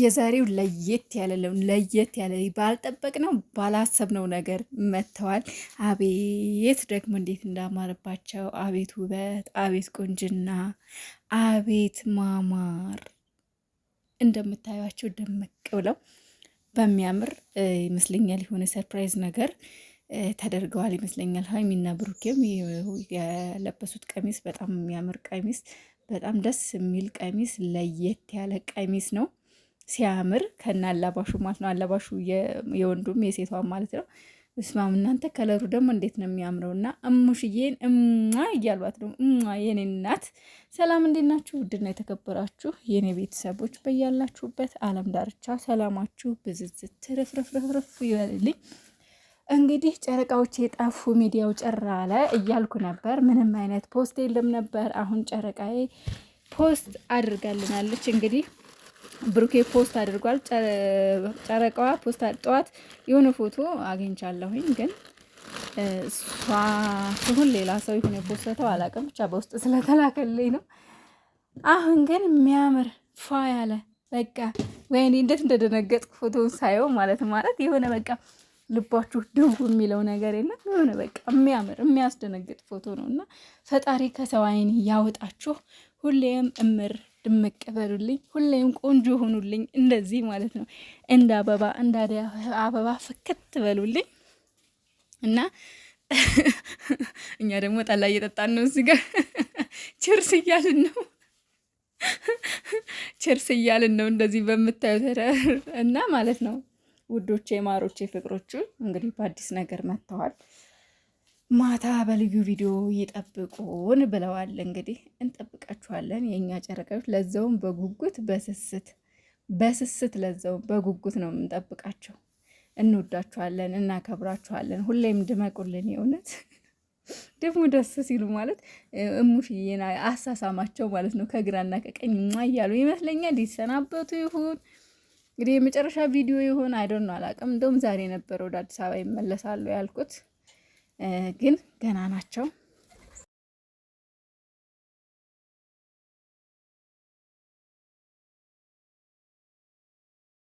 የዛሬው ለየት ያለለው ለየት ያለ ባላሰብ ባላሰብነው ነገር መጥተዋል። አቤት ደግሞ እንዴት እንዳማረባቸው! አቤት ውበት፣ አቤት ቁንጅና፣ አቤት ማማር! እንደምታዩቸው ደመቅ ብለው በሚያምር ይመስለኛል የሆነ ሰርፕራይዝ ነገር ተደርገዋል ይመስለኛል። ሀይሚና ብሩኬም የለበሱት ቀሚስ በጣም የሚያምር ቀሚስ፣ በጣም ደስ የሚል ቀሚስ፣ ለየት ያለ ቀሚስ ነው። ሲያምር ከነ አላባሹ ማለት ነው። አላባሹ የወንዱም የሴቷም ማለት ነው። እስማም እናንተ ከለሩ ደግሞ እንዴት ነው የሚያምረው! እና እሙሽዬን እማ እያልባት ነው። እማ የኔ እናት ሰላም፣ እንዴት ናችሁ? ውድና የተከበራችሁ የእኔ ቤተሰቦች በያላችሁበት አለም ዳርቻ ሰላማችሁ ብዝዝት ትርፍርፍርፍ ይበልልኝ። እንግዲህ ጨረቃዎች የጠፉ ሚዲያው ጨራለ እያልኩ ነበር። ምንም አይነት ፖስት የለም ነበር። አሁን ጨረቃዬ ፖስት አድርጋልናለች እንግዲህ ብሩኬ ፖስት አድርጓል። ጨረቃዋ ፖስት ጠዋት የሆነ ፎቶ አግኝቻለሁኝ ግን እሷ ትሁን ሌላ ሰው ይሁን የፖስተው አላውቅም፣ ብቻ በውስጥ ስለተላከልኝ ነው። አሁን ግን የሚያምር ፏ ያለ በቃ ወይኔ እንዴት እንደደነገጥኩ ፎቶውን ሳየው ማለት ማለት የሆነ በቃ ልባችሁ ድቡ የሚለው ነገር የለም። የሆነ በቃ የሚያምር የሚያስደነግጥ ፎቶ ነው እና ፈጣሪ ከሰው አይን ያወጣችሁ ሁሌም እምር ድምቅ በሉልኝ፣ ሁሌም ቆንጆ ሆኑልኝ። እንደዚህ ማለት ነው እንደ አበባ እንደ አበባ ፍክት በሉልኝ እና እኛ ደግሞ ጠላ እየጠጣን ነው። እዚህ ጋር ችርስ እያልን ነው ችርስ እያልን ነው እንደዚህ በምታዩት እና ማለት ነው ውዶቼ፣ ማሮቼ፣ ፍቅሮቹ እንግዲህ በአዲስ ነገር መጥተዋል። ማታ በልዩ ቪዲዮ ይጠብቁን ብለዋል። እንግዲህ እንጠብቃችኋለን የእኛ ጨረቃዎች፣ ለዛውም በጉጉት በስስት በስስት ለዛውም በጉጉት ነው የምንጠብቃቸው። እንወዳችኋለን፣ እናከብራችኋለን። ሁሌም ድመቁልን። የእውነት ደግሞ ደስ ሲሉ ማለት እሙሽዬን አሳሳማቸው ማለት ነው። ከግራና ከቀኝ እያሉ ይመስለኛል እንዲሰናበቱ ይሁን እንግዲህ የመጨረሻ ቪዲዮ ይሁን አይደን አላውቅም። እንደውም ዛሬ ነበረ ወደ አዲስ አበባ ይመለሳሉ ያልኩት። ግን ገና ናቸው።